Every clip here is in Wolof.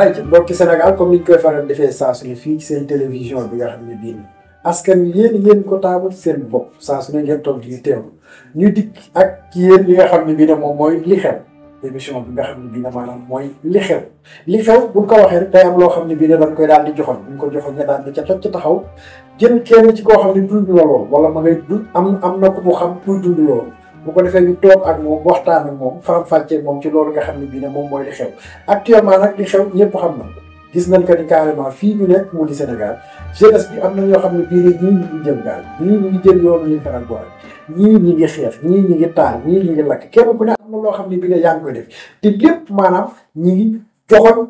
ay ci bokki Sénégal comme niñ koy faral defee saa su ne fii seen télévision bi nga xam ne bii askan yéen yéen ko taabal seen bopp saa su ne ngeen toog di teewlu ñu dikk ak ci yéen li nga xam ne bii ne moom mooy li xew émission bi nga xam ne bii ne maanaam mooy li xew li xew buñ ko waxee rek am loo xam ne bii ne dañ koy daal di joxoon buñ ko joxoon nga daal di ca toj ca taxaw jën kenn ci koo xam ne dund la lool wala ma ngay dund am am na ko mu xam kuy dund lool bu ko defee ñu toog ak moom waxtaan ak moom faram-fàccee moom ci loolu nga xam ne bii ne moom mooy li xew actuellement nag li xew ñëpp xam na gis nañ ko ni carrément fii ñu nekk mu di Sénégal jeunesse am na ñoo xam ne bii rek ñii ñu ngi jëm gaal ñii ñu ngi jël yoonu ñu ñii ñu ngi xeex ñii ñu ngi taal ñii ñu ngi lakk kenn ku ne am na loo xam ne bii ne yaa ngi def te lépp maanaam ñi ngi joxoon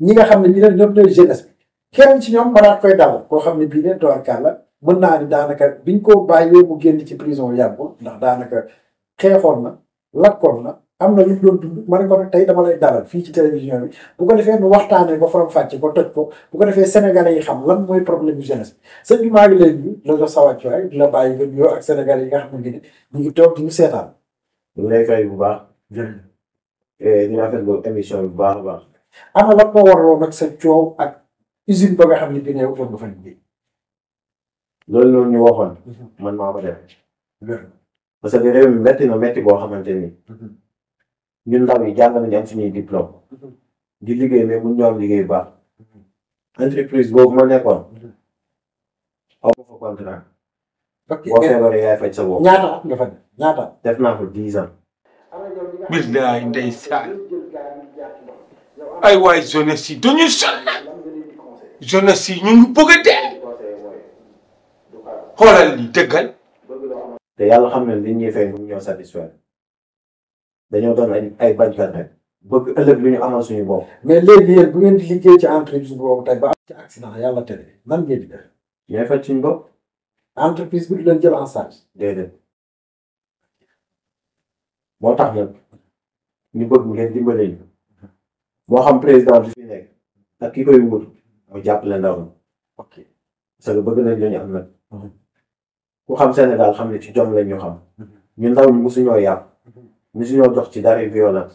ñi nga xam ne bii ne ñoom ñooy jeunesse bi kenn ci ñoom mënaat koy dal koo xam ne bii ne doorkaan la mën naa ni daanaka biñ ko bàyyee mu génn ci prison yàggul ndax daanaka xeexoon na lakkoon na am na lu mu doon dund ma ko tey dama lay dalal fii ci télévision bi ko defee nu waxtaanee ba faram fàcce ba toj ko bu ko defee yi xam lan mooy problème bi maa ngi lay nuyu la jox sa ak sénégalais yi nga xam ne ñu ngi toog di ñu seetaan. bu baax. jërëjëf. Eh, ñu rafetlu émission bu baax a baax. ana lan moo waraloon nag sa coow ak usine ba nga xam ne bii ne yow nga fa liggéey. loolu loolu ñu waxoon. Mm-hmm. man maa parce que réew mi métti na métti boo xamante ni mhm. ñun ndaw yi jàng nañu am suñuy diplôme mhm. di liggéey mais mun ñoo am liggéey bu baax mhm. entreprise boobu ma nekkoon aw ma fa contrat. boo feebaree yaay faj sa bopp. ñaata at nga fa ñaata at. def naa ko dix ans. billaay ndeysaan ay waay jeunesse yi dañuy sonal jeunesse yi ñu ngi bëgg a dee xoolal li dëggal. te yàlla xam ne li ñuy fay mu ñoo satisfaire dañoo doon ay ay bañkat rek bëgg ëllëg lu ñu amal suñu bopp. mais léegi yéen bu ngeen di liggéey ci entreprise boobu tey ba am ci accident yàlla tere nan ngeen di def. ñooy faj suñu bopp. bi du leen jël en charge. déedéet moo tax nag ñu bëgg ngeen dimbale ñu moo xam président bi fi nekk ak ki koy wut mu jàppale ndaw ok parce que bëgg nañ la ñu am nag. Mhm. ku xam Sénégal xam ne ci jom la ñu xam ñu ndaw ñu mosuñoo yàpp mosuñoo dox ci dara violence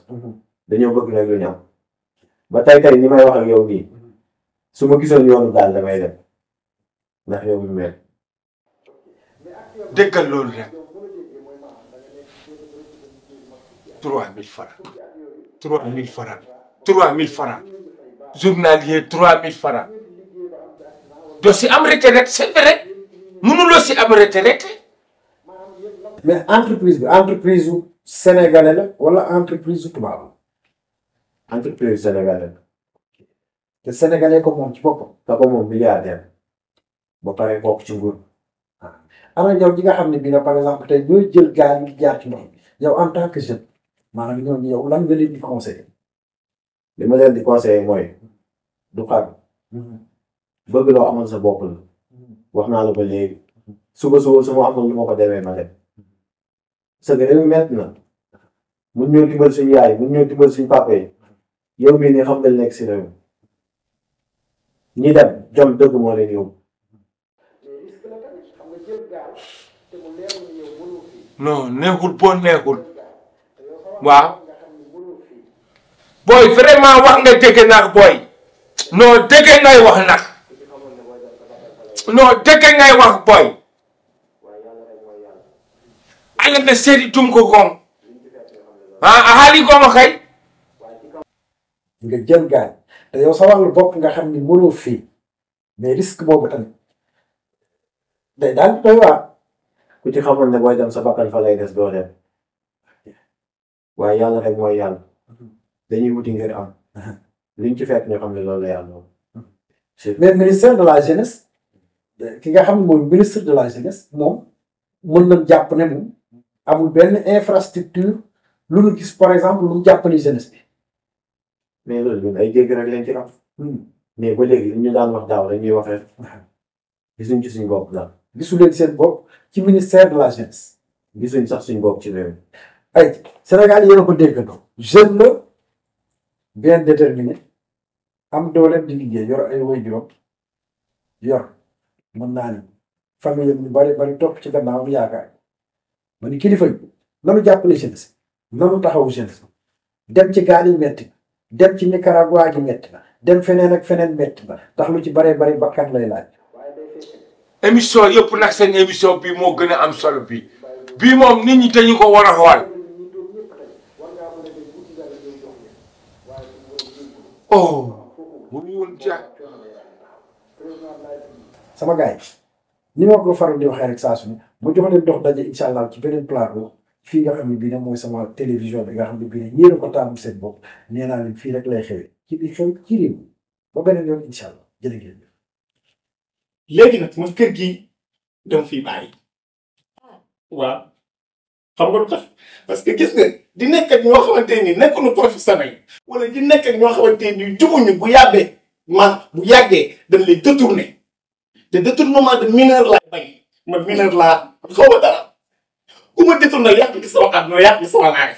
dañoo bëgg nag lu ñaaw ba tey tey ni may wax ak yow nii su ma gisoon yoonu daal damay dem ndax yow mi mel. déggal loolu rek trois mille francs trois mille francs trois trois mille francs doo am rek rek c'est vrai mënuloo si am retraité mais entreprise bi entreprise u sénégalais la wala entreprise su tubaab la entreprise sénégalais la te sénégalais ko moom ci boppam da ko moom milliardaire ba pare bokk ci nguur ah. ana yow ji nga xam ne bii nag par exemple tey ñooy jël gaal yi jaar ci ndox bi yow en tant que jeune maanaam ñooñu yow lan nga leen di li ma leen di conseillé mooy du xaar bëgg loo amal sa bopp wax naa la ko léegi suba suba su ma amoon lu ma ko ma dem parce que na mun ñoo dimbal suñu yaay mun ñoo dimbal suñu papa yi yow xam nga nekk si réew ñi dem jom dëgg moo leen yóbbu. non neexul boo neexul waaw booy vraiment wax nga dëgg nag booy non dëgg ngay wax nag. non dëgg ngay wax booy ala na seeti tum ko gom ah a ah, haali goma kay nga jël gaal bopp nga xam ni mënoo fii mais risque boobu tamit day daal doy waar ku ci xamul ne booy dem sa bakkan fa des doo dem waaye yàlla rek mooy yàlla dañuy wuti ngir am liñ ci fekk ñu xam ne loolu la yàlla moom mais de la jeunesse ki nga xam ne mooy ministre de la jeunesse moom mën nañ jàpp ne amul benn infrastructure lu ñu gis par exemple lu mu jàppale jeunesse bi. mais loolu ñun ay dégg rek lañ ci am. Hmm. mais ba léegi ñu daan wax daaw rek ñuy wax rek gisuñ ci suñu bopp daal. gisu seen bopp ci ministère la jeunesse. gisuñ sax suñu bopp ay Sénégal yéen ko déggandoo. jeune la bien déterminé am dooleem di liggéey yor ay waajuram yor. mën naa ni famille am ñu bari bari topp ci gannaawam yaakaar ma ni kilifa mu nanu jàppale seen si nanu taxawu seen dem ci gaal yi metti dem ci Nicaragua gi metti na dem feneen ak feneen metti na ndax lu ci bare bari bakkan lay laaj. émission yëpp nag seen émission bi moo gën a am solo bi bii moom nit ñi dañu ko war a xool. Oh, sama gars yi ni ma ko faral di waxee rek saa su ne ma jox leen dox daje incha ci beneen plateau fii nga xam ne bii nag mooy sama télévision bi nga xam ne bii nag yéen a ko taamu seen bopp nee naa leen fii rek lay xewee ci biir xew ci réew ba beneen gi dama fiy nga lu que gis di nekk ak ñoo xamante ni wala di nekk ak ñoo xamante ni juguñu bu yàbbee ma bu yàggee dañ lay détourné te détournement de mineur laay bañ man mineur laa xaw ma dara ku ma détourné yàq ci sama àdduna yàq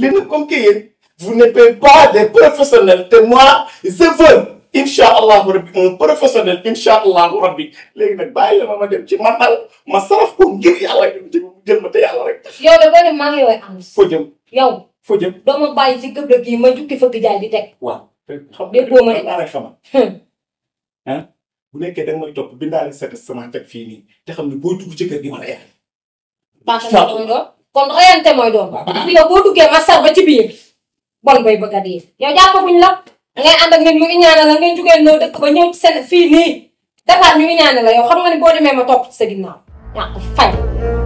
li nag comme que yéen vous n'êtes pas des professionnels te moi je veux rabbi un professionnel incha rabbi léegi nag bàyyi la ma ma dem ci man daal ma saraf ko ngir yàlla jël ma te yàlla rek. yow de boo dem maa ngi yooyu am. jëm yow. foo jëm doo ma bàyyi ci gëb dëgg yi ma jukki fëgg jaay di teg. waaw xam nga dégg nga ma de. bu nekkee da nga topp bindaale seet sama teg fii nii te xam ne boo dugg ci kër gi ma la yàq. pàcc mooy doon kon royante mooy doon. yow boo duggee ma sar ba ci biir bon bay bëgg a dee. yow jàppaguñ la a ànd ak nit ñu ngi ñaanal la ngay jugee loo dëkk ba ñëw ci seen fii nii ñu ngi ñaanal la yow xam nga ne boo demee ma topp ci sa ginnaaw ñàkk fay.